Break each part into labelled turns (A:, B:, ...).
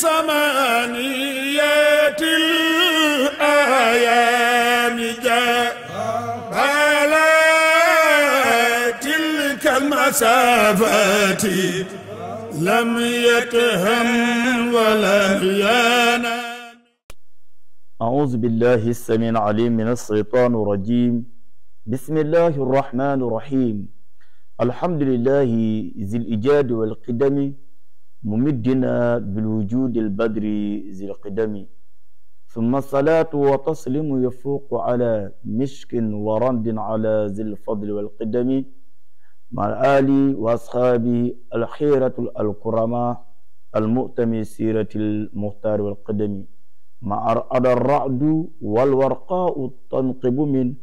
A: ثمانية الأيام جاء على تلك المسافات لم يتهم ولا ينام أعوذ بالله السميع العليم من الشيطان الرجيم بسم الله الرحمن الرحيم الحمد لله ذي الإيجاد والقدم ممدنا بالوجود البدر ذي القدم ثم الصلاة وتسلم يفوق على مشك ورند على ذي الفضل والقدم مع الآل وأصحابي الخيرة الكرماء المؤتم سيرة المختار والقدم مع أرأد الرعد والورقاء تنقب من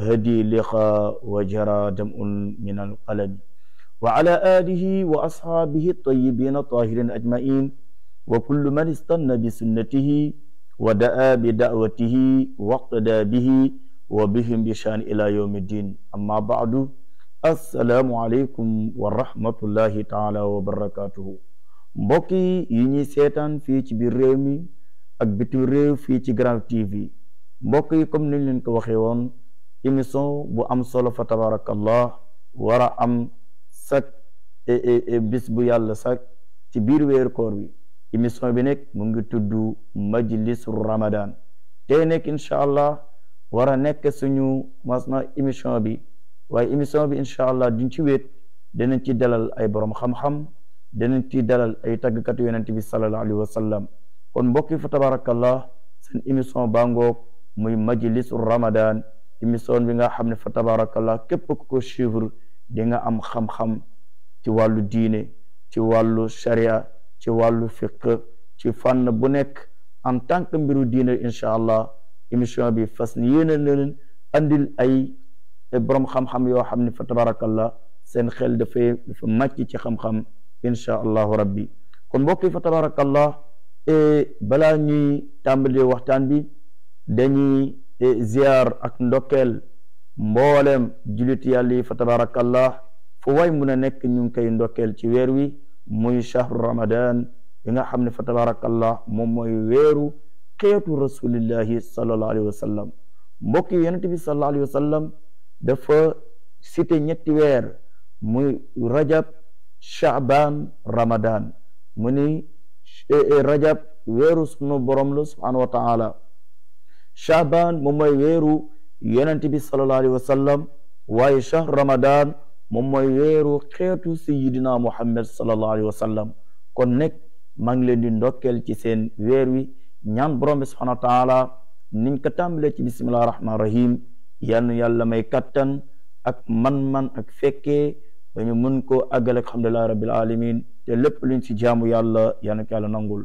A: هدي لخا وجرى دمء من القلم وعلى آله وأصحابه الطيبين الطاهرين أجمعين وكل من استنى بسنته ودعا بدعوته واقتدى به وبهم بشان إلى يوم الدين أما بعد السلام عليكم ورحمة الله تعالى وبركاته بقي يني سيطان في fii ريمي biir réew في ak bitim réew fii ci Grand TV mbokk yi comme niñ leen sag e, e, e bis bu yàlla sag ci biir weer koor bi émission bi nekk mu ngi tudd majlis ramadan te nekk incha allah war a nekk suñu masna émission bi waaye émission bi incha allah duñ ci wéet danañ ci dalal ay borom xam-xam danañ ci dalal ay tàggkatu yonent bi sallallahu alayhi wa sallam kon mbokki fa tabarakallah seen émission bangoog muy majlis ramadan émission bi nga xam ne fa tabarakallah képp ku ko suivre di nga am xam-xam ci walu diine ci walu sharia ci walu fiqh ci fànn bu nek en tant que mbiru diine insha allah émission bi fas yene na leen andil ay borom xam-xam yo xamni ne fa tabarakallah sen xel da dafay fa màcc ci xam-xam insha allah rabbi kon mbokk yi fa tabarakallah bala ñuy tàmbalee waxtan bi dañuy ziar ak ndokel mboolem julit yàlla yi fa tabarakallah fu way mun a nekk ñu ngi koy ndokkeel ci weer wi muy shahru ramadan bi nga xam ne fa tabarakallah moom mooy weeru xeetu rasulillahi sallallahu alayhi wa sallam mbokk yi yonente bi sallallahu alayhi wa sallam dafa cité ñetti weer rajab shaaban ramadan mu eh, eh, rajab weeru sunu borom la subhanahu wa taala shaaban moom mooy weeru yonent bi sallallahu alayhi wa sallam waaye shahr ramadan moom mooy weeru xeetu sayidina muhammad sallallahu alayhi wa sallam kon nekk maa ngi leen di ndokkeel ci seen weer wi ñaan borom bi subhanahu wa taala niñ ko tàmbalee ci bisimillahi rahman rahim yal na yàlla may kattan ak man-man ak fekke dañu mën ko àggale ak alhamdulillahi alamin te lépp luñ ci jaamu yàlla yal na ko yàlla nangul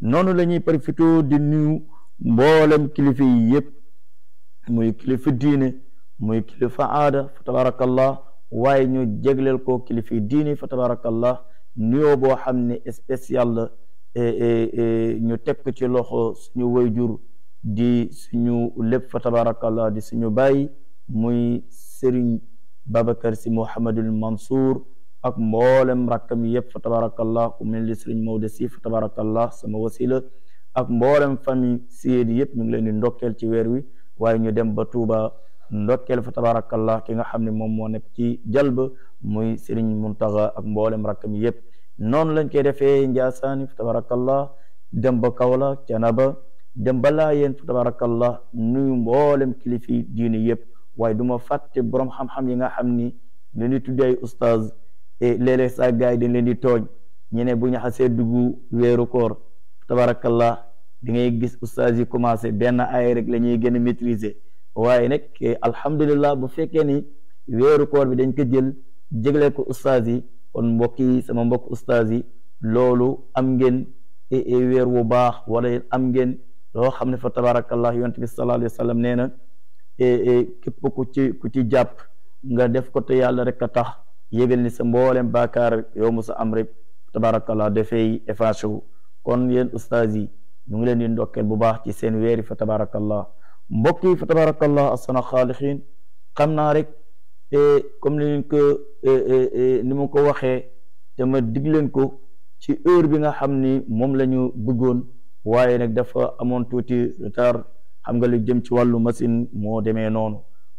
A: noonu la ñuy profité di nuyu mboolem muy kilifa diine muy kilifa aada fa tabarakallah waaye ñu jégleel ko kilifa diine fa tabarakallah nuyoo boo xam ne spécial la ñu teg ci loxo suñu wayjur di suñu lépp fa tabarakallah di suñu bàyyi muy Serigne Babacar Sy Mouhamadul Mansour ak mboolem rakkam yëpp fa tabarakallah ku mel Serigne Maodo Sy fa tabarakallah sama wasila ak mboolem famille Seydi yëpp ñu ngi leen di ndokkeel ci weer wi waaye ñu dem ba Touba ndokkeel fa tabarakallah ki nga xam ne moom moo nekk ci jalb muy Serigne Muntaxa ak mboolem rakkam yépp noonu lañ koy defee Njaasaan fa tabarakallah dem ba Kaolack Canaba dem ba Laayeen fa tabarakallah nuyu mboolem kilifi diini yépp waaye du ma fàtte borom xam-xam yi nga xam ni leen di tuddee ay ustaaz et léeg-léeg saa gars yi dañ leen di tooñ ñu ne bu ñu xasee dugg weeru koor tabarakallah di ngay gis ustaas yi benn ay la ñuy gën a waaye nag eh, alhamdulillah bu fekkee ni weeru koor bi dañ ko jël jëgle ko ustaas kon mbokk yi sama mbokk ustaas loolu am ngeen eh, eh, weer wu baax wala am ngeen loo xam ne fa tabarakallah yonent bi sallallahu alayhi wa sallam nee na képp ku ci ku ci jàpp nga def ko te yàlla rek a tax yégal ni sa mboolem baakaar yow mu sa am rek tabarakallah dafay effacé wu kon yéen ustaas yi ñu ngi leen di ndokkeel bu baax ci seen weeri fa tabarakallah mbokk yi fa tabarakallah asana xaalixin xam naa rek e, comme ni ko e, e, ni mu ko waxee te ma dig leen ko ci heure bi nga xam ni moom la ñu bëggoon waaye nag dafa amoon tuuti retard xam nga lu jëm ci wàllu machine moo demee noonu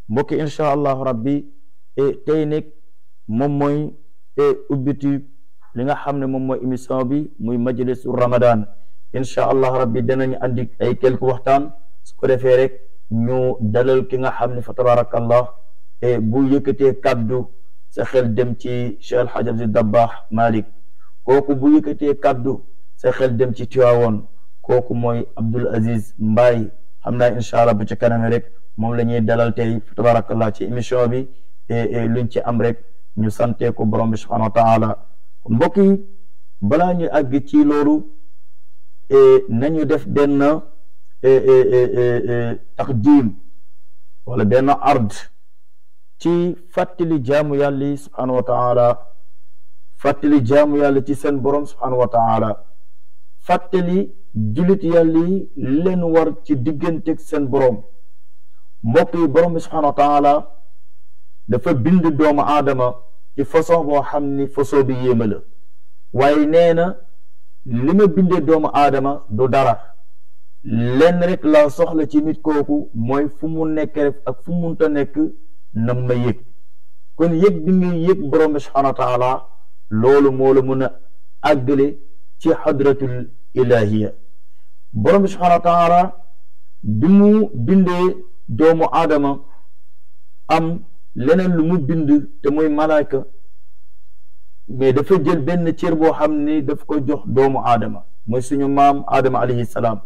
A: mbokki incha allahu rabbi tey nag moom mooy ubbiti li nga xam ne moom mooy émission bi muy majlisu ramadan incha allah rabbi dinañu andi ay quelque waxtaan su ko defee rek ñu dalal ki nga xam ne fa tabarakallah bu yëkkatee kaddu sa xel dem ci Cheikh El Hadj Abdou Dabakh Malick bu yëkkatee kaddu sa xel dem ci Tiwaawoon kooku mooy Abdoul Aziz Mbaye xam naa incha allah bu ci kaname rek moom la ñuy dalal tey fa tabarakallah ci émission bi luñ ci am rek ñu sante ko borom bi subhanahu wa taala mbokk yi balaa ñu àgg ci loolu nañu def benn taqdim wala benn ard ci fàttali jaamu yàlla yi subhanahu wa taala fàttali jaamu yàlla ci seen borom subhanahu wa taala fàttali jullit yàlla yi leen war ci digganteeg seen borom mbokk yi borom bi subhanahu wa taala dafa bind doomu aadama ci façon boo xam ni façon bi yéema la waaye nee na lima binde doomu aadama du dara lenn rek laa soxla ci nit kooku mooy fu mu nekk rek ak fu munta nekk na ma yëg kon yëg bi ngay yëg borom bi subhanahu wa taala loolu moo la mën a àggale ci xadratul ilahiya borom bi subhanahu wa taala bi mu bindee doomu aadama am leneen lu mu bind te muy malaaka mais dafa jël benn cër boo xam ni daf ko jox doomu aadama mooy suñu maam aadama alayhi salaam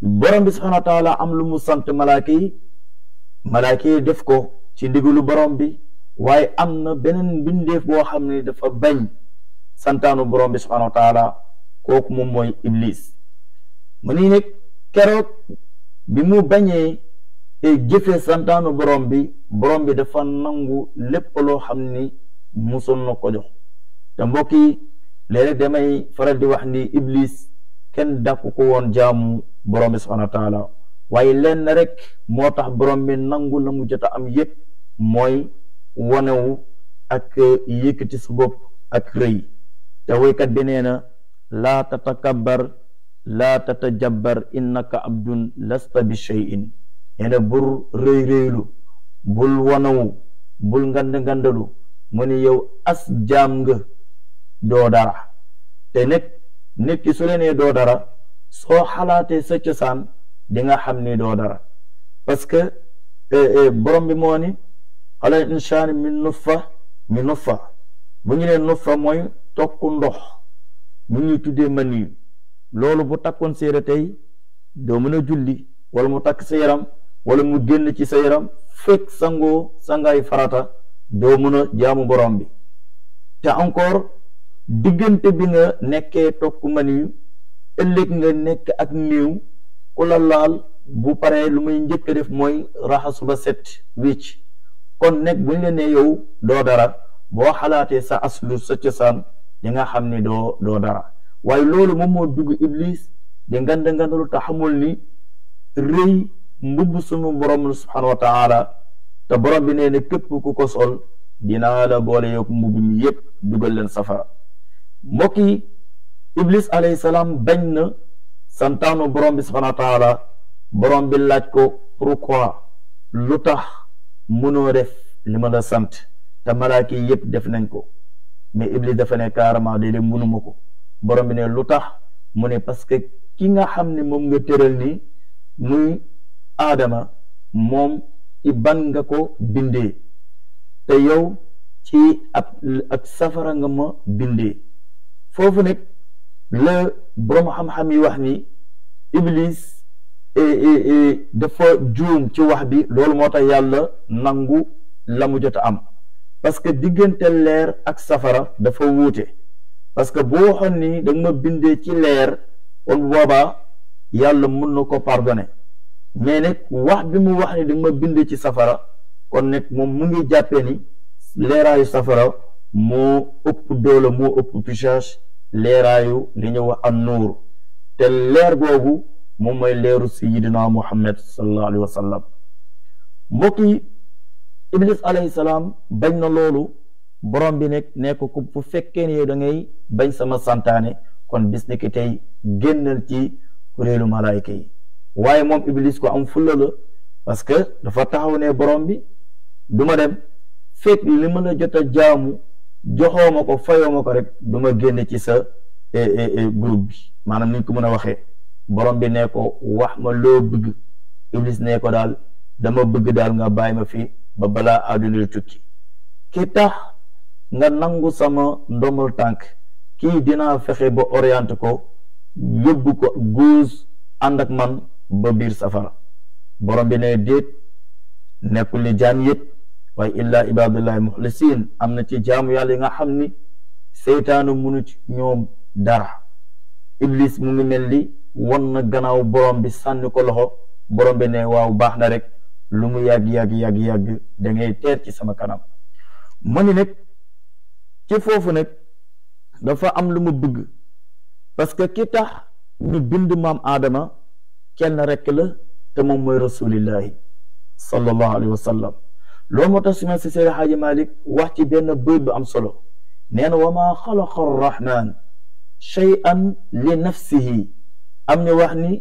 A: borom bi subhanahu wa taala am lu mu sant malaaka yi malaaka yi def ko ci ndigalu borom bi waaye am na beneen mbindeef boo xam ne dafa bañ santaanu borom bi subhanahu wa taala kooku moom mooy iblis mu ni nag keroog bi mu bañee jëfee santaanu borom bi borom bi dafa nangu lépp loo xam ni musoon na ko jox te mbokk yi léeg-léeg faral di wax ni iblis kenn dàqu ko woon jaamu borom bi subhanahu wa taala waaye lenn rek moo tax borom bi nangu la mu jot a am yépp mooy wanewu ak yëkkati su bopp ak rëy te woykat bi nee na laa tatakabbar laa tatajabbar innaka abdun lasta bi cheyin nee na bul rëy rëylu bul wanawu bul ngand ngandalu mu ni yow as jaam nga doo dara te nag nit su la doo dara soo xalaatee sa cosaan di nga xam ni doo dara parce que eh, eh, borom bi moo ni xalal insaani min nutfa min nutfa bu ñu nee nutfa mooy tokk ndox mu ñuy tuddee mani loolu bu takkoon séera tey doo mën a julli wala mu takk sa yaram wala mu génn ci sa yaram fekk sangoo sangaay farata doo mën a jaamu borom bi te encore diggante bi nga nekkee tokk man yu ëllëg nga nekk ak niiw ku la laal bu paree lu may njëkk def mooy raxasu set wicc kon nekk buñ la nee yow doo dara boo xalaatee sa aslu sa cosaan di nga xam ne doo doo dara waaye loolu moom moo dugg iblis di ngand ngandalu te xamul ni rëy mbubb sunu borom subhanahu wa te borom bi nee na képp ku ko sol dinaa la boole yook mbubb mi yépp dugal leen safara mbokk yi iblis alayhi salaam bañ na santaanu borom bi subhanahu wa borom bi laaj ko pour pourquoi lu tax mënoo def li ma la sant te malaaka yi yépp def nañ ko mais iblis dafa ne carrément déedéet mënuma ko borom bi ne lu tax mu ne parce que ki nga xam ne moom nga tëral ni muy aadama moom ci ban nga ko bindee te yow ci ab ak safara nga ma bindee foofu nag la borom xam-xam yi wax ni iblis e, e, e, dafa juum ci wax bi loolu moo tax yàlla nangu la mu jot am parce que diggante leer ak safara dafa wuute parce que boo waxoon ni da bindee ci leer kon boobaa yàlla mën na ko pardonner mais nag wax bi mu wax ne di bind ci safara kon nag moom mu ngi jàppee ni leeraayu safara moo ëpp doole moo ëpp puissance leeraayu li ñu wax am nuur te leer googu moom mooy leeru sayidina muhammad sallallahu alayhi wa sallam mbokk yi iblis alayhi salaam bañ na loolu borom bi nekk nekk ko fu fekkee ni yow da ngay bañ sama santaane kon bis ni ki tey génnal ci kuréelu malaayka yi waye mom iblis ko am fulo la parce que dafa taxaw ne borom bi duma dem fek li meuna jotta jot a jaamu joxoo ma ko fayoo ma ko rek e neko génne eh, eh, eh, groupe bi manam ni ko meuna waxe borom bi ne ko wax ma loo bëgg iblis ne ko dal dama bëgg dal nga bayima fi ba bala adunul tukki ki tax nga nangu sama ndomul tank ki dina fexé ba orienter ko yobbu ko guus andak man ba biir safara borom bi ne deet nekul ni jaam yit waaye illa ibadullah muxlisin am ci jaamu yalla nga xamni setanu munu ci ñoom dara iblis mu ngi melni won na gannaaw borom bi sanni ko loxo borom bi ne waaw bax na rek lu mu yag yag yag yag da ngay teer ci sama kanam ma nek ci fofu nek dafa am lu mu bëgg parce que ki tax bind maam adama kenn rekk la te moom mooy rasulillahi sallallahu alayhi wa sallam si Seydi Xaaji Malik wax ci benn bëy bu am solo nee na wa maa xalaqa arrahman shay'an li nafsihi am ñu wax ni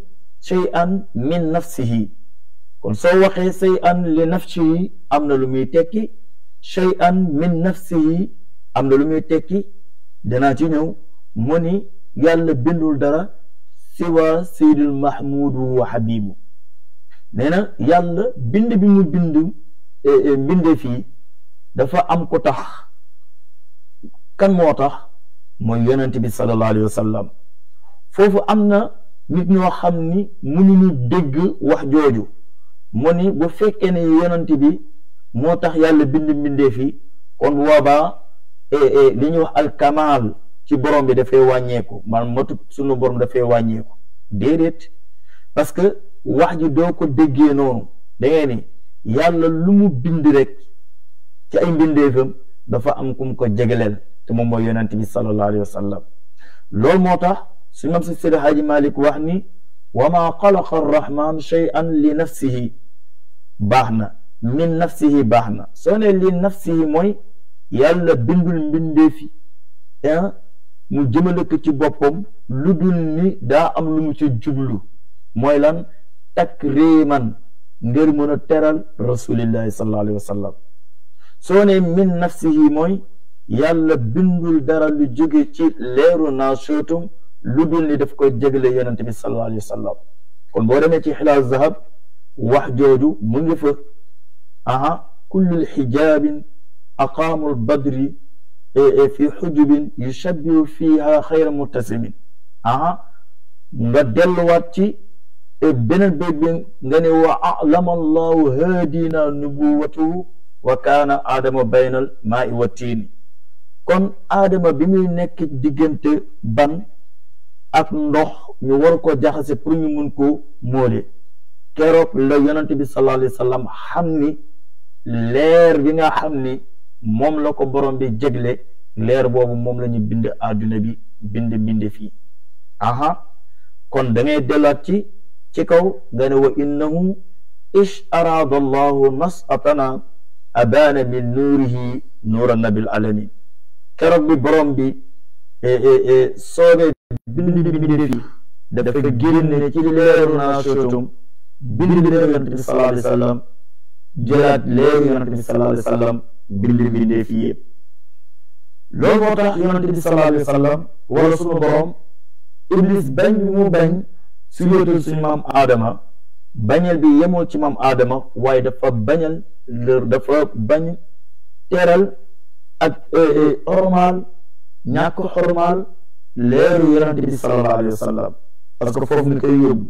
A: shay'an min nafsihi kon soo waxee shay'an li nafsihi am na lu muy tekki shay'an am na lu muy tekki danaa ci ñëw mu ni yàlla bindul dara siwa seydul mahmudu wa habibu nee na yàlla bind bi mu bind e, e, binde fii dafa am ko tax kan moo tax mooy yonent bi sallallahu alayhi foofu am na nit ñoo xam ni mënuñu dégg wax jooju mu ni bu fekkee ne yonent bi moo tax yàlla bind mbindee fi kon woobaa e, li ñuy wax alkamaal ci borom bi dafay wàññeeku man matu sunu borom dafay wàññeeku dedet parce que wax ji do ko déggé non da ngay ni yàlla lu mu bind rek ci ay mbindeefam dafa am kum ko jegeleel te mom moy yonnati bi sallallahu alayhi wasallam lol motax suñu mam si Seydi Malik wax ni wama qalaqa xalaqa arrahman shay'an li nafsihi bahna min nafsihi bahna na li nafsihi moy yàlla bindul bindé mbindeefi mu jëmale ci boppam lu dul ni daa am lu mu ci jublu mooy lan takriman ngir mën a teral rasulillahi sallallahu alayhi wa sallam soo ne min nafsihi mooy yàlla bindul dara lu jóge ci leeru naasootum lu dul ni daf ko jégle yonente bi sallallahu alayhi wa sallam kon boo demee ci xilaal zahab wax jooju mu ngi fa aha kullu lxijaabin aqaamu albadri fi xujubin yushabbihu fiha xayra muttasimin aha nga delluwaat ci eh, beneen nga ne wa alama allahu haadina nubuwatuhu wa kaana aadama baynal maai wa tiini kon aadama bi muy nekk diggante ban ak ndox ñu war ko jaxase pour ñu mun ko móole keroog la bi sallallahu alayhi wa sallam leer bi nga xam ni moom la ko borom bi jégle leer boobu moom la ñu bind àdduna bi bind bind fii aha kon da ngay dellaat ci ci kaw nga ne wa innahu ish araada allahu nasatana abaana min nuurihi nuura nabil alamin keroog bi borom bi e, e, e, soobee bind bind fii dafa ci leeru naa sootum bind bi yonent bi sallallahu jëlaat léegi yonante bi sallallahu alayhi wa sallam bindi bindee fii moo tax yonante bi sallallahu alayhi wa sallam borom iblis bañ bi mu bañ su yóotal suñu maam aadama bañal bi yemoo ci maam aadama waaye dafa bañal lër dafa bañ teral ak eh, eh, xormaal ñàkk xormaal leeru yonante bi sallallahu alayhi wa foofu nga koy yóbbu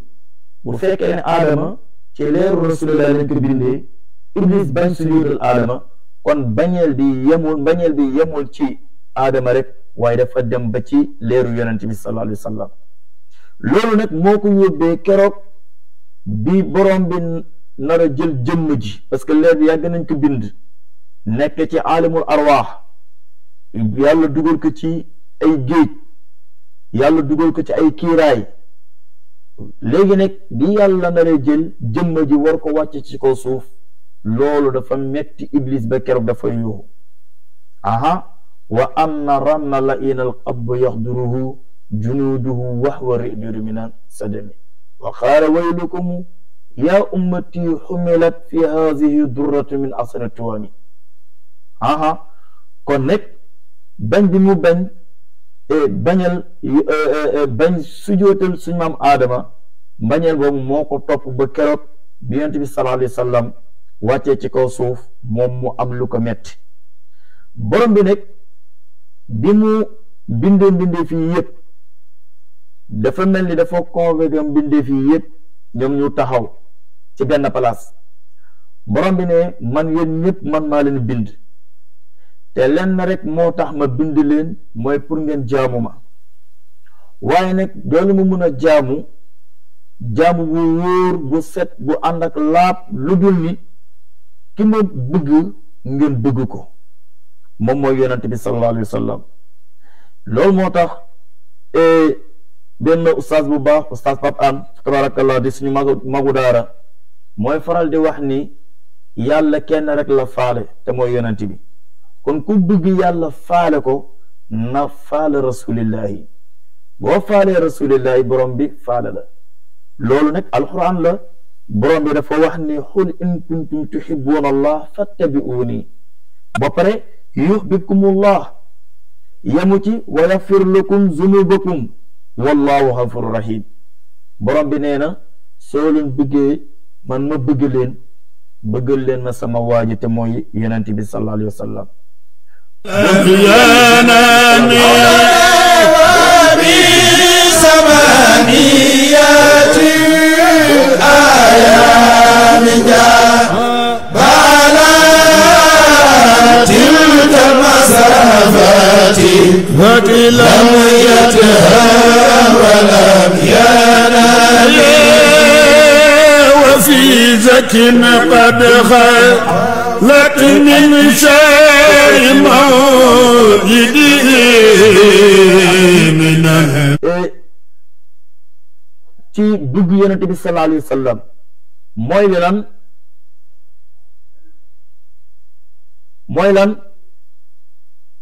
A: bu fekkee ne aadama ci leeru rasulillah lañ bindee iblis bañ sujudal aadama kon bañeel bi yemul bañeel bi yemul ci aadama rek waaye dafa dem ba ci leeru yonent bi sallallahu alayhi wa loolu nag moo ko yóbbee keroog bi borom bi nar jël jëmm ji parce que leer bi yàgg nañ ko bind nekk ci aalamul arwaax yàlla dugal ko ci ay géej yàlla dugal ko ci ay kiiraay léegi nag bi yàlla nar jël jëmm ji war ko wàcc ci kaw suuf lolu dafa metti iblis ba keroog dafa yo aha wa anna ramma la in al qab qabbu junuduhu wa huwa ridur min sadami wa qala waylukum ya ummati humilat fi hadhihi durratu min asr tuwami aha kon nek bañ bi mu bañ bañal bañ sujootal suñu mam adama mbañeel bo moko top ba keroog bi yonent bi sallallahu alayhi wa wàccee ci kaw suuf moom mu am lu ko metti borom bi nag bi mu bindee mbindee fii yëpp dafa mel ni dafa convoqué mbindee fii yëpp ñoom ñu taxaw ci benn place borom bi ne man yéen ñëpp man maa leen bind te lenn rek moo tax ma bind leen mooy pour ngeen jaamu ma waaye nag doolu mu mun a jaamu jaamu bu wóor bu set bu ànd ak laab lu dul ni ki ma bëgg ngeen bëgg ko moom mooy yonent bi sallallahu alayhi wa loolu moo tax e, benn ustaas bu baax ustaas Pape An tabarakallah di suñu magu magu daara mooy faral di wax ni yàlla kenn rek la faale te mooy yonent bi kon ku bëgg yàlla faale ko na faale rasulillahi boo faalee rasulillahi borom bi faale la loolu nag alquran la borom bi dafa wax ne xul in kuntum tuhibbuna allah fattabi'uni ba pare yuhbibkumullah yamu ci wa yagfir lakum zunubakum wallahu ghafurur rahim borom bi nee na soo leen bëggee man ma bëgg leen bëggal leen ma sama waaji te mooy yonent bi sallallahu alayhi wa sallam أبي سمانية بلا تلك المسافات لم يتهاب ولم ينال وفي زك قد خلت من شيء موجدين من ci dugg yonent bi sallallahu alayhi wa mooy ni lan mooy lan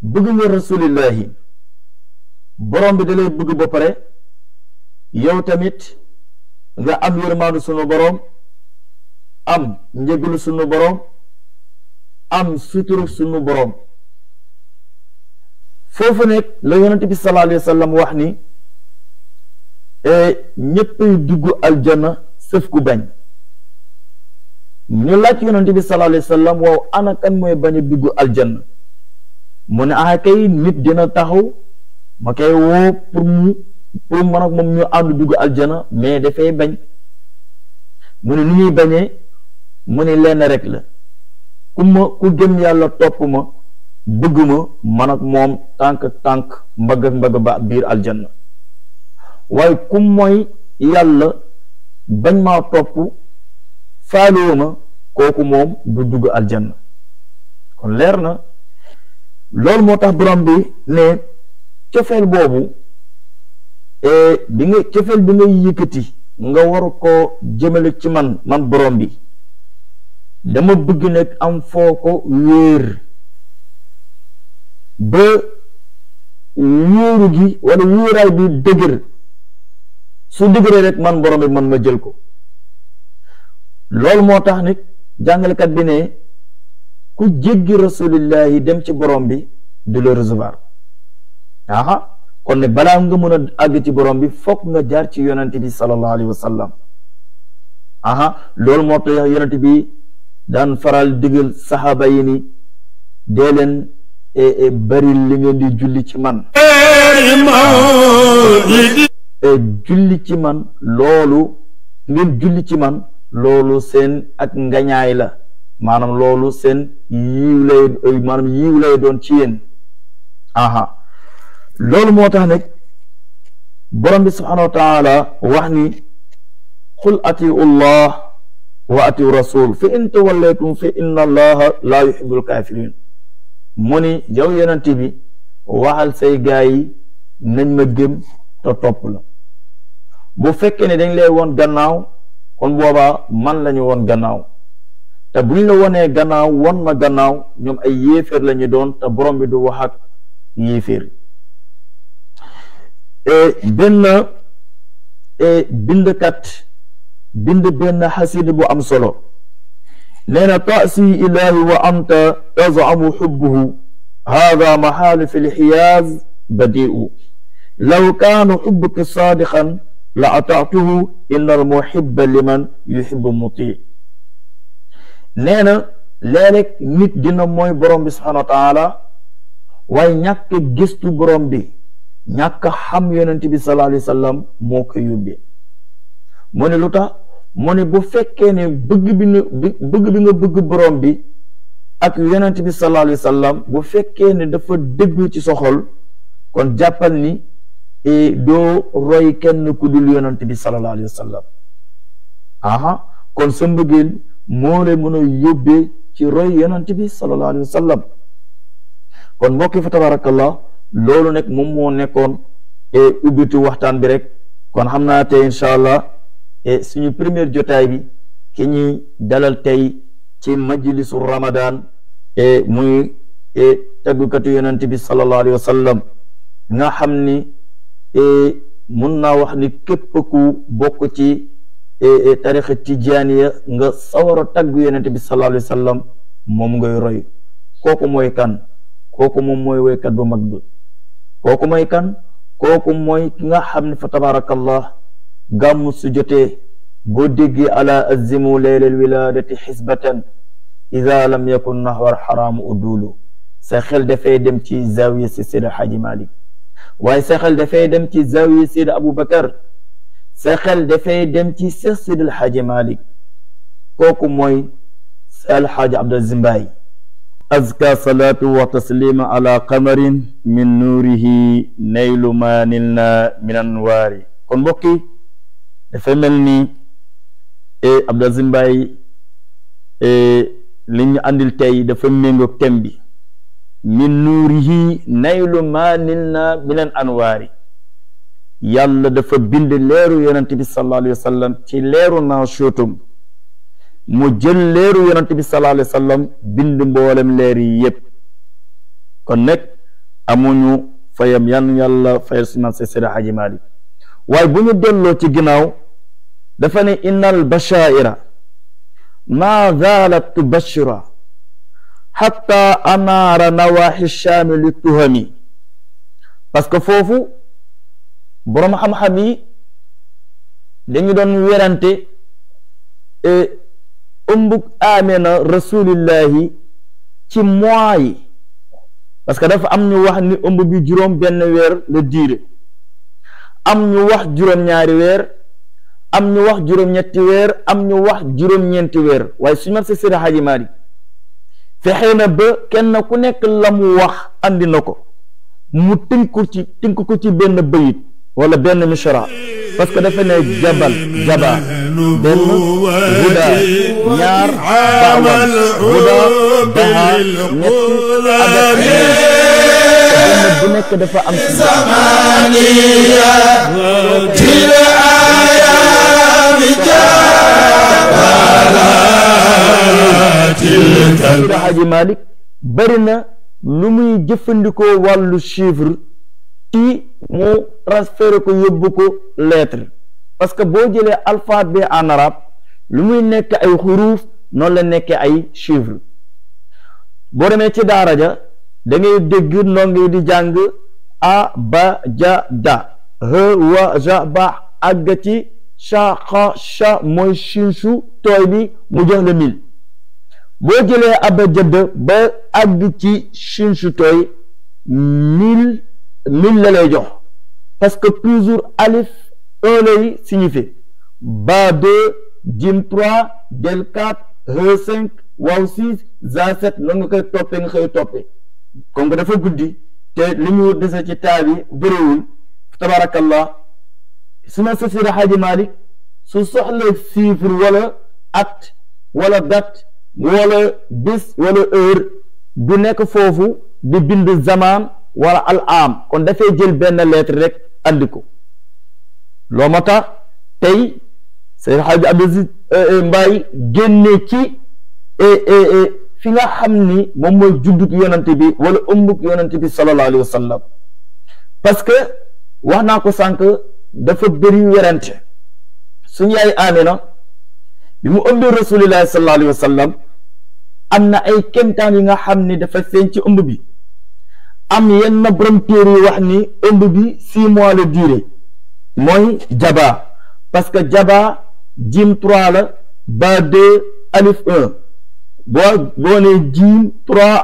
A: bëgg nga rasulillahi borom bi da lay bëgg ba pare yow tamit nga am yërmaanu sunu borom am njëgalu sunu borom am suturu sunu borom foofu nekk la yonent bi sallallahu alayhi wa wax ni eh, ñëppay dugg aljanna sëf ku bañ ñu laaj yonent bi sallallahu alayhi wa sallam waaw ana mooy bañ dugg aljanna mu ne ah kay nit dina taxaw ma koy woo pour mu pour man ak moom ñu ànd dugg aljana mais dafay bañ mu ne nu ñuy bañee mu ne lenn rek la ku ku gëm yàlla topp ma bëgg ma man ak moom tànk tànk mbagg mbagg biir aljanna waaye ku mooy yàlla bañ maa topp faaloowuma kooku moom du dugg aljanna kon leer na loolu moo tax borom bi ne cofeel eh, bi nga cofeel bi ngay yëkkati nga war koo jëmale ci man man borom bi dama bëgg nag am foo ko wéer ba wéeru gi wala wéeraay bi dëgër su dëgëree rek man borom bi man ma jël ko loolu moo tax nit jàngalekat bi ne ku jéggi rasulillahi dem ci borom bi du le recevoir aha kon ne balaa nga mën a àgg ci borom bi fokk nga jaar ci yonent bi sallallahu alayhi wa sallam aha loolu moo tax yonent bi daan faral digal saxaaba yi ni dee leen e, e, bari li ngeen di julli ci man e, julli ci man loolu ngeen julli ci man loolu seen ak ngañaay la maanaam loolu seen yiw lay maanaam yiw lay doon ci yéen aha loolu moo tax nag borom bi subhanahu wa taala wax ni qul atiu llah wa atiu rasul fa in tawallaytum fa inna allaha laa yuhibbul kafirin mu ni yow yonent bi waxal say gaay yi nañ ma gëm te topp la bu fekkee ne dañ lay woon gannaaw kon boobaa man lañu woon gannaaw te bu la wonee gannaaw won ma gannaaw ñoom ay yéeféer la doon te borom bi du wax ak yéeféer e benn e bindkat bind benn xasida bu am solo nee na taasi ilaahi wa anta tazamu xubbuhu hada maxaalu fi lxiyaaz badiu law kaanu xubbuka saadixan la ataatuhu innal muhibba liman yuhibbu muti nee na léeg-léeg nit dina mooy borom bi subhanahu wa taala waaye ñàkk gëstu borom bi ñàkk xam yonent bi sallallahu alayhi wa sallam moo ko yóbbee mu ne lu tax mu ne bu fekkee ne bëgg bi nga bëgg bi borom bi ak yonent bi sallallahu alayhi sallam bu fekkee ne dafa déglu ci soxol kon jàppal ni et doo roy kenn ku dul yonent bi sallallahu alayhi wa sallam aha kon sa mbëggeel moo lay mën a ci roy yonent bi sallallahu alayhi wa kon mbokki fa tabarakallah loolu nag moom moo nekkoon e, ubbitu waxtaan bi rek kon xam naa tey incha allah e suñu première jotaay bi ki ñuy dalal tey ci majlisu ramadan e muy e taggukatu yonent bi sallallahu alayhi wa nga xam mun naa wax ni képp ku bokk ci e, e, tarixa tijaaniya nga sawar a tagg yonente bi sallallahu alayhi wa moom ngay roy kooku mooy kan kooku moom mooy woykat bu mag bi kooku mooy kan kooku mooy ki nga xam ne fa tabarakallah gàmm su jotee boo déggee ala azimu leylal wiladati xisbatan ida lam yakun nahwar xaraamu udulu sa xel dafay dem ci zawiya si sida xaaji malik waaye sa xel dem ci zawiya Seydi Aboubacar sa xel dafay dem ci Seex Seydi El Hadji Malick kooku mooy El Hadji Abdou Aziz Mbaye azka salaatu wa taslima ala qamarin min nuurihi naylu ma nilna min anwaari kon mbokki dafa mel ni e, Abdou Aziz Mbaye e, li ñu àndil tey dafa méngoog tem bi min nuurihi naylu ma nilna minal anwaari yàlla dafa bind leeru yonent bi sallallahu alayhi wa sallam ci leeru naashuutum mu jël leeru yonent bi sallallahu alayhi wa sallam bind mboolem leer yi yépp kon nag amuñu fayam yan yàlla fayal sunan say seyda xaji maalik waaye bu ñu delloo ci ginnaaw dafa ne inna al bashaa'ira maa tubashira hatta anaara nawaxi shaami li tuhami parce que foofu boroom xam-xam yi dañu doon werante e ëmbug amena rasulillahi ci mois yi parce que dafa am ñu wax ni ëmb bi juróom benn weer la diire am ñu wax juróom-ñaari weer am ñu wax juróom-ñetti weer am ñu wax juróom-ñeenti weer waaye suñu ma si Seydi Haaji Maalik fexe na ba kenn ku nekk la mu wax andi na ko mu tënk ko ci tënk ko ci benn bayit wala benn misra parce que dafa ne jabal jaba benn huda ñaar taawan huda daha ñetti adat bu nekk dafa am zamaniya til ayaami jabala tilka Alxaaji na lu muy jëfandikoo wàllu chiffre ci mu transféré ko yóbbu ko lettre parce que boo jëlee alphabet en arabe lu muy nekk ay xuruuf noonu la nekkee ay chiffre boo demee ci daara ja dangay ngay dégg ndongo yi di jàng a ba ja da h wa ba àgg ci sha xa sha mooy tooy bi mu jox la mil boo jëlee aba jëdd ba àgg ci shinshutooy mille mille la lay jox parce que toujours alif un lay signifie ba deux jim trois del quatre he cinq waaw six za sept nga koy toppee nga koy toppee comme que dafa guddi te li ñu dese ci taa bi bëriwul tabarakallah suma safira xaaji malik su soxla chiffre wala at wala date wala bis wala heure du nek fofu di bind zaman wala al am kon da fay jël ben lettre rek andiko lo mata tay sayyid tey Seydi Hadji Abdou Aziz Mbaye génne ci fi nga xamni mom moy mooy juddug yonante bi wala umbuk yonante bi sallallahu alayhi wasallam parce que waxna naa ko sànq dafa bëri werante suñu yayi Amina bi mu ëmbee rasulillahi sallallahu alayhi wa sallam am na ay kemtaan yi nga xam ni dafa feeñ ci ëmb bi am yenn borom téere yi wax ni ëmb bi six mois la durée mooy jaba parce que jaba jim 3 la ba 2 alif 1 boo boo ne jim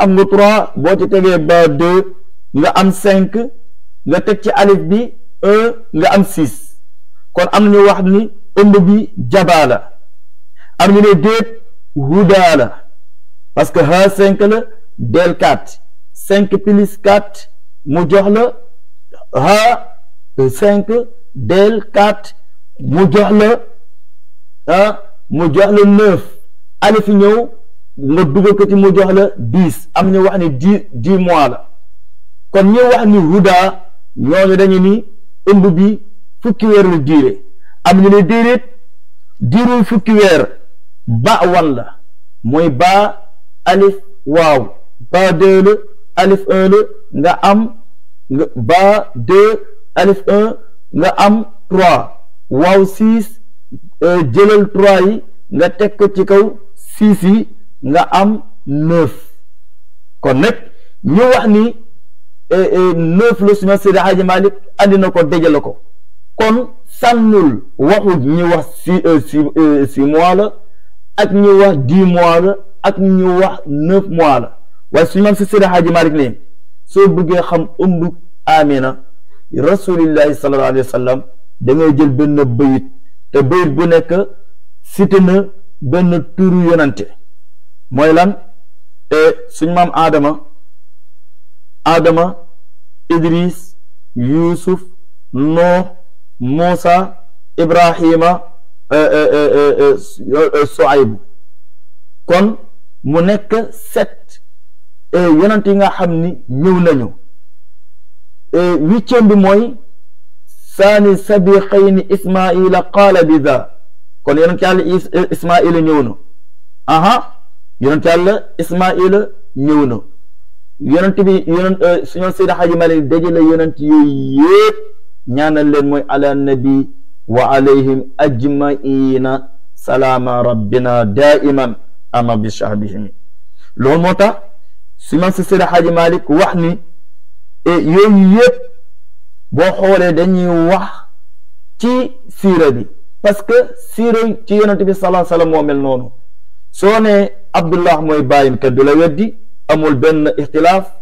A: am nga 3 boo ci tegee ba 2 nga am cinq nga teg ci alif bi 1 nga am 6 kon am nañu wax ni ëmb bi jaba la am ñu ne déet huda la parce que ha 5 la del 4 cinq plus 4 mu jox la ha 5 del 4 mu jox la ah mu jox la 9 alif ñëw nga dugal ko ci mu jox la 10 am ñu wax ni 10 10 mois la kon ñu wax ni huda ñooñu dañu ni ëmb bi fukki weer la diire am ñu ne déedéet diirul fukki weer. ba wan la mooy ba alif waaw ba deux la alif un la nga am nga ba deux alif un nga am trois waaw six euh, jëlal trois yi nga teg ko ci kaw six yi nga am neuf kon nag ñu wax ni e, e, neuf la suma Seydi Hadji Malick andi na ko dajale ko kon sànnul waxu ñu wax si euh, si euh, la ak ñu wax dix mois la ak ñu wax neuf mois la waaye suñu maam si Seydi Haaji Malik ne soo bëggee xam ëmb Amina rasulillahi sallallahu alayhi wa sallam da ngay jël benn bayit te bayit bu nekk cité na benn turu yonante mooy lan su suñu maam Adama Adama Idris Yuusuf Nooh Muusa Ibrahima Euh, euh, euh, Soayb kon mu nekk set e, yonent yi nga xam ni ñëw nañu e, huitième bi mooy saani sabiqayni ismaila qaala bi za kon yonent yàlla ismaila ñëw na aha yonent yàlla ismaila ñëw na yonent bi yonent suñoon Seydi Haaji Malik dajale yonent yooyu yëpp ñaanal leen mooy ala nabi wa alayhim ajmaina salaam rabbina daiman ama bi sahbihim loolu moo tax su man si sëriñ Malik wax ni e yooyu boo xoolee dañuy wax ci siira bi parce que siira ci yonente bi salaa salaam moo mel noonu soo ne Abdullah mooy bàyyam kenn du weddi amul benn ixtilaaf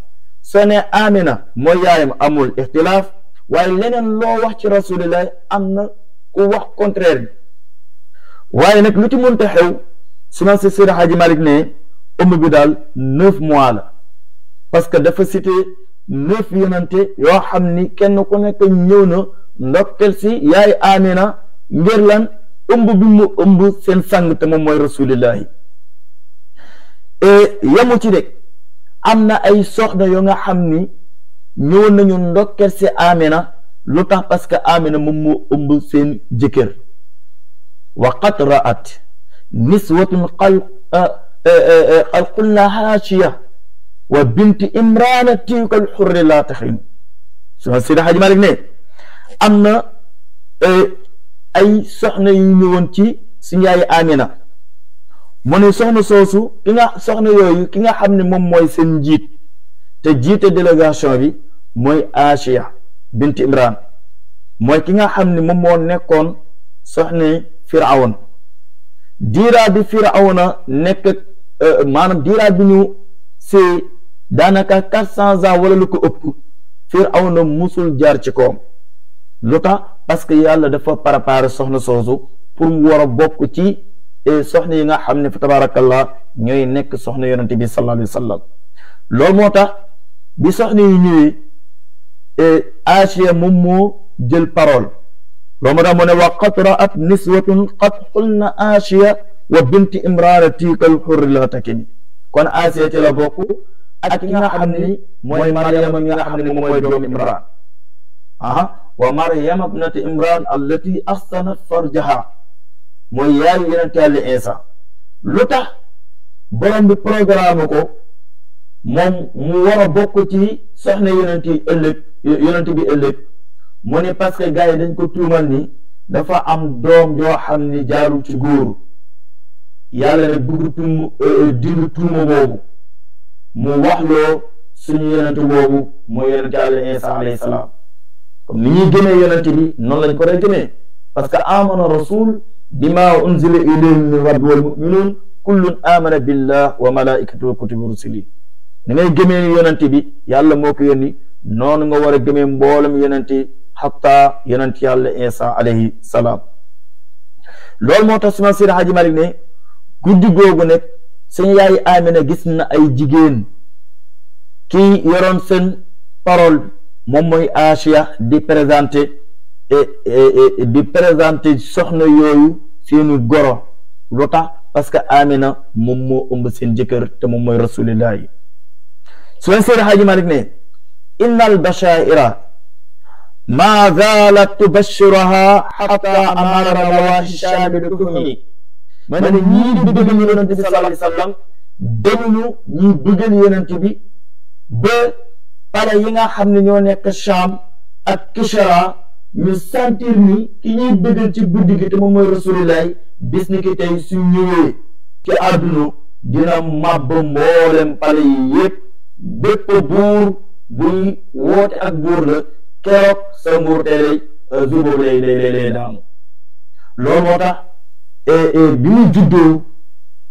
A: soo ne Amina mooy yaayam amul ixtilaaf waaye leneen loo wax ci rasulillah am na ku wax contraire waaye nag lu ci mënta xew su ma si Seydi ne ëmb bi daal neuf mois la parce que dafa cité neuf yonante yoo xam ni kenn ku nekk ñëw na ndokkel si yaay Amina ngir lan ëmb bi mu ëmb seen sang te moom mooy rasulillahi yamu ci de am na ay soxna yoo nga xam ni ñëw nañu ndokkel si Amina lu tax parce que Amina moom moo ëmb seen jëkkër wa qad ra'at niswatun ah, eh, eh, eh, xalqulna haashiya wa binti imrana tiikal xurri laa taxin suma sida xaji Malik ne am na ay soxna yu ñëwoon ci suñu yaay Amina mu ne soxna soosu ki nga soxna yooyu ki nga ne moom mooy seen njiit te jiite délégation bi mooy Haashiya bint imran mooy ki nga xam ni moom moo nekkoon soxna firawun diiraa bi firawuna nekk euh, maanaam diiraa bi ñu see daanaka quatre cents ans wala lu ko ëpp firawuna musul jaar ci kawam lu tax parce que yàlla dafa préparé soxna soosu pour mu war a bokk ci euh, soxna yi nga xam ne fa tabaarakallah ñooy nekk soxna yonente bi sallallahu alayhi bi soxna yi ñëwee aasiya moom moo jël parole loo ma tax wa qad ra'at niswatun qad xulna aasiya wa binti imraana tiikal xurri la takini kon aasiya ci la bokk ak ki nga xam ni
B: mooy maryama mi nga xam ne mooy doomu
A: imraan aha wa maryama bnati imraan allati ahsanat farjaha mooy yaayu yeneen tàlli insa lu tax bi programme ko moom mu war a bokk ci soxna yeneen yi ëllëg yonent bi ëllëg mu ne parce que gars yi dañ ko tuumal ni dafa am doom yoo xam ni jaarul ci góor yàlla ne bugg tuum euh, euh, dindi tuuma boobu mu waxloo suñu yonent boobu mooy yonent yàlla Isa alayhi salaam comme ni ñuy gëmee yonent bi noonu la ko doon gëmee parce que amana rasul bima unzila ilayhi min rabbi wal muminun kullun amana billah wa malaikatu wa kutubi rusuli ni ngay gëmee ni bi yàlla mook ko noonu nga war a gëmee mboolem yonenti xatta yonent yàlla Isa alayhi salaam loolu moo tax suma Seydi Haaji Malik ne guddi googu nekk suñu yaay Amina gis na ay jigéen ki yoroon seen parol moom mooy Asiya di présenté e, e, e, di présenté soxna yooyu seenu goro lu tax parce que Amina moom moo ëmb seen jëkkër te moom mooy rasulillahi suma Seydi Haaji Malik ne innal bashaira ma zalat tubashshiraha hatta amara rawahisha bi dukhumi ma ne ñii di bëggal yonent bi sallallahu alayhi wa sallam dañu ñii bëggal yonent bi ba pale yi nga xam ne ñoo nekk Sham ak Kishra ñu sentir ni ki ñuy bëggal ci guddi gi te moom mooy rasulillah bis ni ki tey su ñëwee ci àdduna dina màbb mboolem pale yi yépp bépp buur buy woote ak nguur la keroog sa nguur te euh, lay jubóo lay lay lay daanu loolu moo tax e, e, bi mu juddoo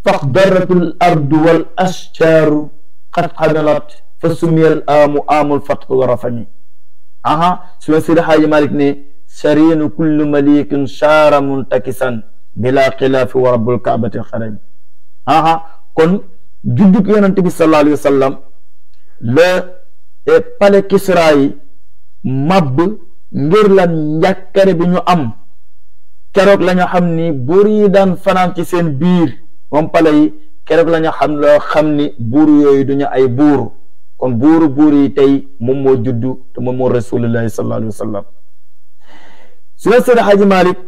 A: فاقدرت الأرض والأشجار قد قبلت فسمي الآم آم الفتح ورفني أها سوى سيد حاج مالك ني سرين كل مليك شار منتكسا بلا خلاف ورب الكعبة الخرج أها كن جدك يا نبي صلى الله عليه وسلم لا pale kisra yi màbb ngir lan njàkkare bi ñu am keroog la ñu xam ni buur yi daan fanaan ci seen biir moom pale yi keroog la xam loo xam ni buur yooyu duñu ay buur kon buuru buur yi tey moom moo judd te moom moo rasulullahi sallallahu alayhi wa sallam la Seydi Xaaji Malik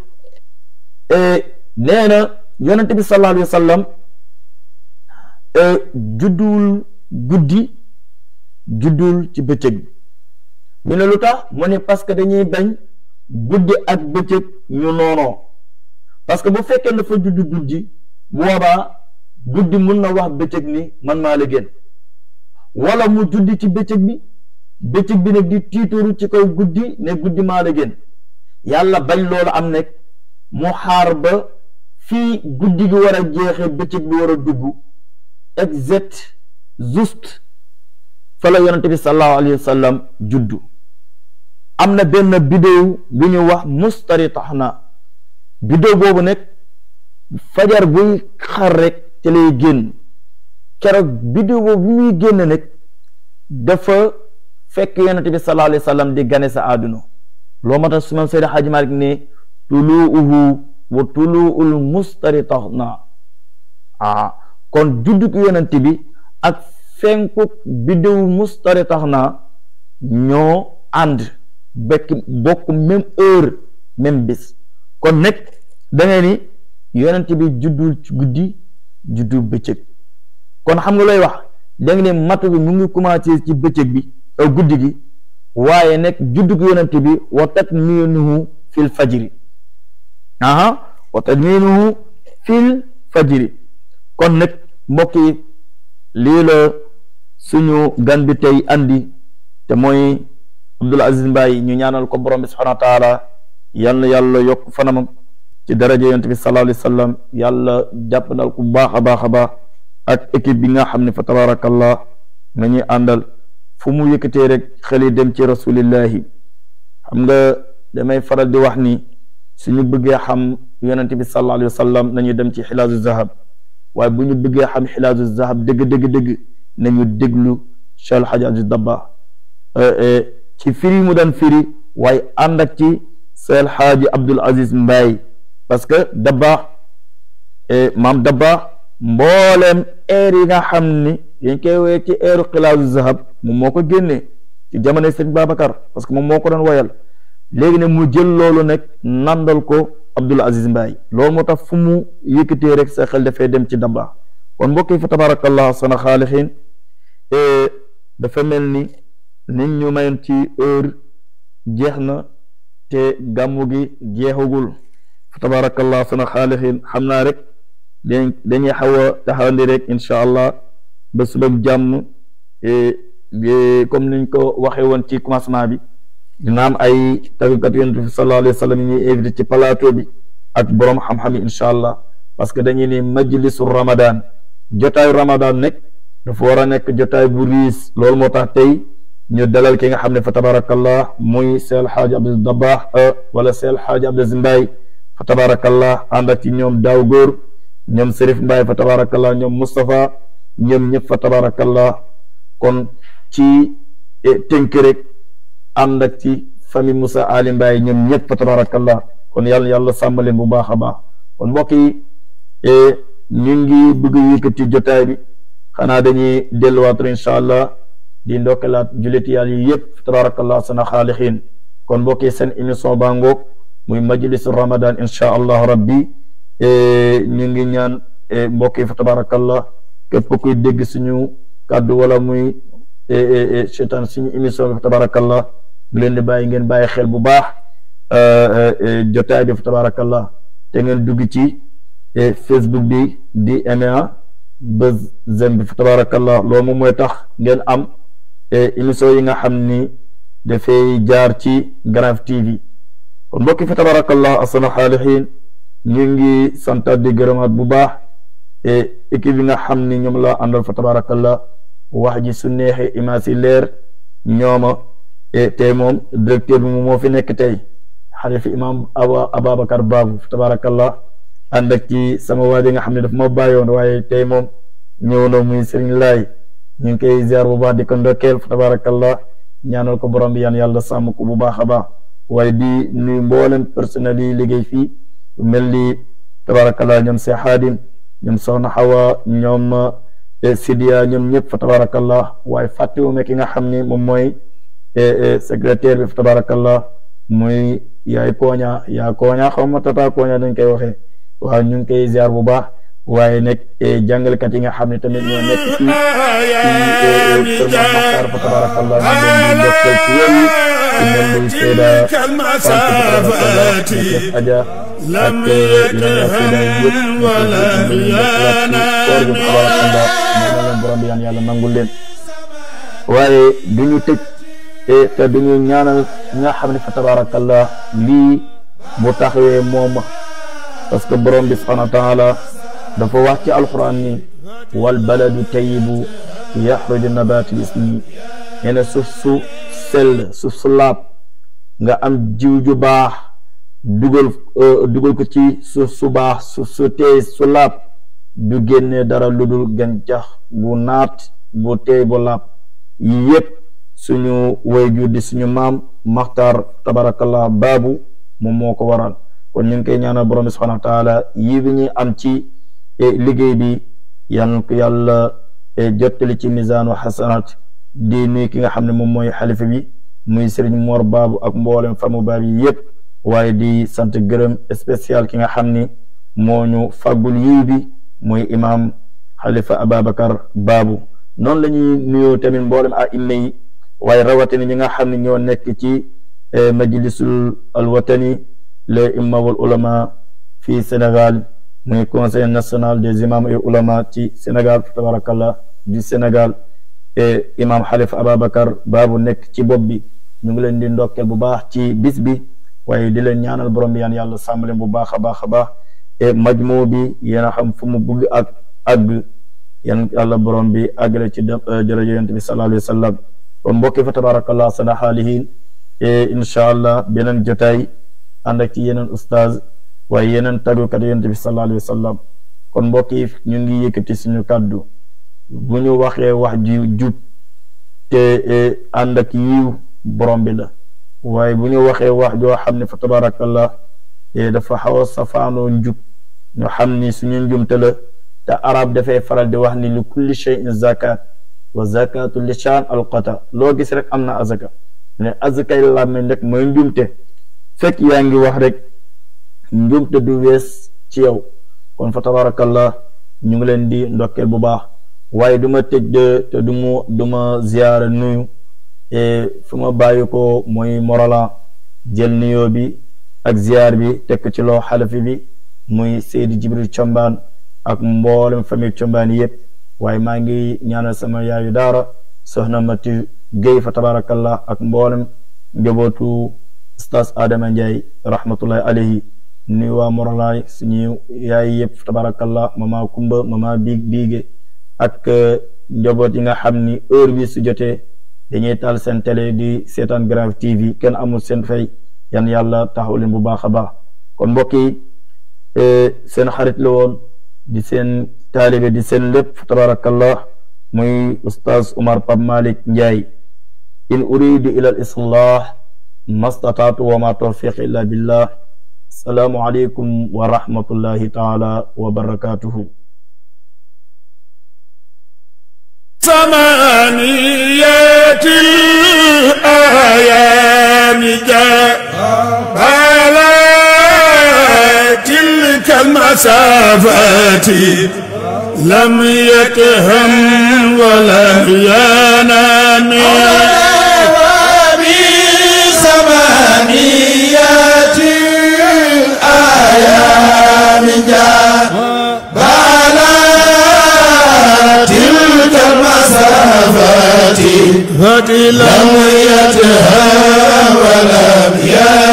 A: e, nee na yonente bi sallallahu alayhi wa sallam e, judduwul guddi juddul ci bëccëg ñu ne lu tax mu ne parce que dañuy bañ guddi ak bëccëg ñu noonoo parce que bu fekkee dafa judd guddi bu boobaa guddi mun na wax bëccëg ni man maa la gën wala mu juddi ci bëccëg bi bëccëg bi nag di tiituru ci kaw guddi ne guddi maa la gën yàlla bañ loolu am nekk mu xaar ba fii guddi gi war a jeexee bëccëg bi war a dugg exact juste fa la yonente bi sallallahu alayhi wa juddu am na benn bidéew bu ñu wax mustaritaxna bidéew boobu nag fajar buy xar rek te lay génn keroog bidéew boobu bu muy génn nag dafa fekk yonente bi sallallahu alayhi wa di gane sa àdduna loo ma tax su ma Xaaji Maalik ne tuluuhu wa tuluul mustaritaxna ah kon juddug yonente bi ak fenkuk biddiwu mustari tax na ñoo ànd bekk bokk même heure même bis kon nag da ngay ni yonent bi juddul ci guddi juddul bëccëg kon xam nga looy wax da nga matt bi mu ngi commencé ci bëccëg bi guddi gi waaye nag juddug yonent bi wa tatmiinuhu fil fajiri aha wa tatmiinuhu fil fajiri kon nag mbokk lii la suñu gandi tay andi te moy abdul Aziz mbay ñu ñaanal ko borom subhanahu wa taala yal yàlla yok fanam ci daraaje yonent bi sallallahu alayhi wasallam yàlla jappal ku baakha baakha ba ak équipe bi nga xam fa tabarakallah nga àndal fu mu yëkëté rek xali dem ci rasulillah xam nga damay faral di wax ni suñu bëggee xam yonent bi sallallahu alayhi wasallam sallam nañu dem ci xilaasu zahab waaye buñu bëggee xam xilaasu zahab deug deug deug nañu déglu Cheikh El Hadj Abdou Dabba euh, euh, ci firi mu daan firi waaye ànd ak ci Cheikh El Hadj Abdoul Aziz Mbaye parce que Dabba euh, maam Dabba mbooleem air yi nga xam ni dañ koy woyee ci airu xilaasu zahab moom moo ko génnee ci jamonoy sëñ Babacar parce que moom moo ko doon woyal léegi ne mu jël loolu nag nandal ko Abdoul Aziz Mbaye loolu moo tax fu mu yëkkatee rek sa xel dem ci Dabba kon mbokk yi fa tabarakallah sana xaalixiin dafa mel ni nit ñu mayoon ci heure jeex na te gàmmu gi jeexagul fa tabarakallah sana xaalixiin xam naa rek dañuy xaw a taxawandi rek incha allah ba subag jàmm e, e, comme ko waxee woon ci commencement bi dina ay tàggkat yonent bi sallallahu alayhi wa sallam ñuy invité ci plateau bi ak borom xam-xam yi incha allah parce que dañuy ne majlisu ramadan jotaayu Ramadan nekk dafa war a nekk jotaay bu riis loolu moo tax tey ñu dalal ki nga xam ne fa tabarakallah muy seel xaaji Abdou Dabaax euh, wala seel xaaji Abdou Zimbaay fa tabarakallah ànd ak ci ñoom daaw góor ñoom Serif Mbaay fa tabarakallah ñoom Moustapha ñoom ñëpp fa tabarakallah kon ci eh, tënk rek ci famille Moussa Ali Mbaay ñoom ñëpp fa tabarakallah kon yàlla yàlla sàmm leen bu baax a baax kon mbokk eh, ñu ngi bëgg yëkkati jotaay bi xanaa dañuy delluwaat incha allah di ndokkalaat jullit yàlla yi yëpp tabaarakallah sana xaalixiin kon mbokki seen émission baa ngoog muy majlisu ramadan incha allah rabbi e, ñu ngi ñaan e, mbokki fa tabaarakallah képp kuy dégg suñu kàddu wala muy e, seetaan suñu émission bi tabaarakallah bu leen di bàyyi ngeen bàyyi xel bu baax jotaay bi fa tabaarakallah te ngeen dugg ci facebook bi di ma Buzz Zen bi fa tabarakallah loolu moom mooy tax ngeen am e émission yi nga xam ni dafay jaar ci Grand TV kon mbokki fa tabarakallah asana xaalixiin ñu ngi santaat di gërëmaat bu baax e équipe yi nga xam ni ñoom la àndal fa tabarakallah wax ji su neexee image yi leer ñooma e tey moom directeur bi moo fi nekk tey xalifi imam Ababacar Babou fa tabarakallah ànd ak ci sama waa ji nga xam ne daf ma bàyyoon waaye tey moom ñëw na mu sëriñ laay ñu ngi koy ziar bu baax di ko ndokkeel fa tabarakallah ñaanal ko borom bi yaan yàlla sàmm ko bu baax a baax waaye di nuyu mboolem personnel liggéey fii mel ni tabarakallah ñoom see xaadim ñoom soxna xawa ñoom eh, sidia ñoom ñëpp fa tabarakallah waaye fàttewuma ki nga xam ne moom mooy eh, eh, secrétaire bi fa tabarakallah muy yaay kooña yaa kooña xaw ma tata kooña dañ koy waxee waaw ñu ngi koy ziar bu baax waaye nag e, jàngalekat yi nga xam ne tamit ñoo nekk ci ci e, kër Maxtaar fa tabarakallah ñu leen di jokkal ci yoon yi ku mel ni Seyda Fall fa tabarakallah ak Adja ak yeneen ak Seyda yëpp ñu ngi leen di koor gi tabarakallah ñu leen borom bi yaan yàlla nangul leen waaye du ñu tëj e, te du ñu ñaanal ñi nga xam ne fa tabarakallah lii bu taxawee moom parce que borom bi subhanahu wa taala dafa wax ci alquran ni wal baladu tayibu yakhruju nabaati ismi Ina na sel, su sell nga am jiw ju bax dugal euh, dugal ko ci suuf su baax suuf su su du genné dara ludul gàncax bu nat bu te bu laab yépp suñu wayju di suñu mam tabarakallah babu, mom moko waral kon ñu ngi koy ñaanal borom bi subhanahu wa taala yi ñuy am ci e, liggéey bi yan yàlla e, jottali ci misaanu xasanaat di nuyu ki nga xam ne moom mooy xalifa bi muy sëriñ Mor Baabu ak mboolem famu baab yi yëpp waaye di sant gërëm spécial ki nga xam ni moo ñu fàggul bi muy imaam xalifa Ababacar Baabu noonu la nuyoo tamit mboolem a imme yi waaye rawatina ñi nga xam ne ñoo nekk ci e, majlisul alwatani les imams wal ulama fii Sénégal muy national des imams et ulama ci Sénégal tabarakallah du Sénégal et imam Xalifa Ababacar Baabu nekk ci bopp bi ñu ngi leen di ndokkeel bu baax ci bis bi waaye di leen ñaanal borom bi yaan yàlla sàmm leen bu baax a baax a baax et majmoo bi yéen a xam fu mu bugg ak àgg yan yàlla borom bi àggale ci euh, jërëjëf yonent bi sallallahu alayhi wa sallam jotaay ànd ak ci yeneen ustaaz waaye yeneen taggukat yonent bi sallallahu alayhi wa sallam kon mbokk yi ñu ngi yëkkati suñu kàddu bu ñu waxee wax ji jub te e, ànd ak yiw borom bi la waaye bu ñu waxee wax joo xam ne fa tabarakallah e, dafa xaw a safaanoo njub ñu xam ni suñu njumte la te arab dafay faral di wax ni li kulli shay'in zakat wa zakatu lishan alqata loo gis rek am na azaka ne azakay làmmeñ rek mooy njumte fekk yaa ngi wax rek njuumte du wees ci yow kon fa tabarakallah ñu ngi leen di ndokkeel bu baax waaye duma ma tëj de te du ma du ma ziyaara nuyu e, fu ma ko mooy Morolan jël nuyoo bi ak ziyaar bi tekk ci loo xalafi bi muy Seydi Jibril Combaan ak mboolem famille Combaan yëpp waaye maa ngi ñaanal sama yaayu daara soxna Mati Guèye fa tabarakallah ak mboolem njabootu Ustaz Adama Ndiaye rahmatullahi alayhi nuyu waa Morlaay suñu yaay tabarakallah mama Kumba mama big big ak njobot yi nga xamni heure bi su jotee dañuy tal sen télé di setan grave TV ken amul sen fay yan yalla taxaw bu baakha ba kon mbokk yi e, sen xarit la won di sen talibé di sen lepp tabarakallah muy Oustaz Oumar malik in uridu ila al islah ما استطعت وما توفيق إلا بالله السلام عليكم ورحمة الله تعالى وبركاته ثمانيات الآيام جاء تلك المسافات لم يتهم ولم ينام هدي لم يتهى ولم يهى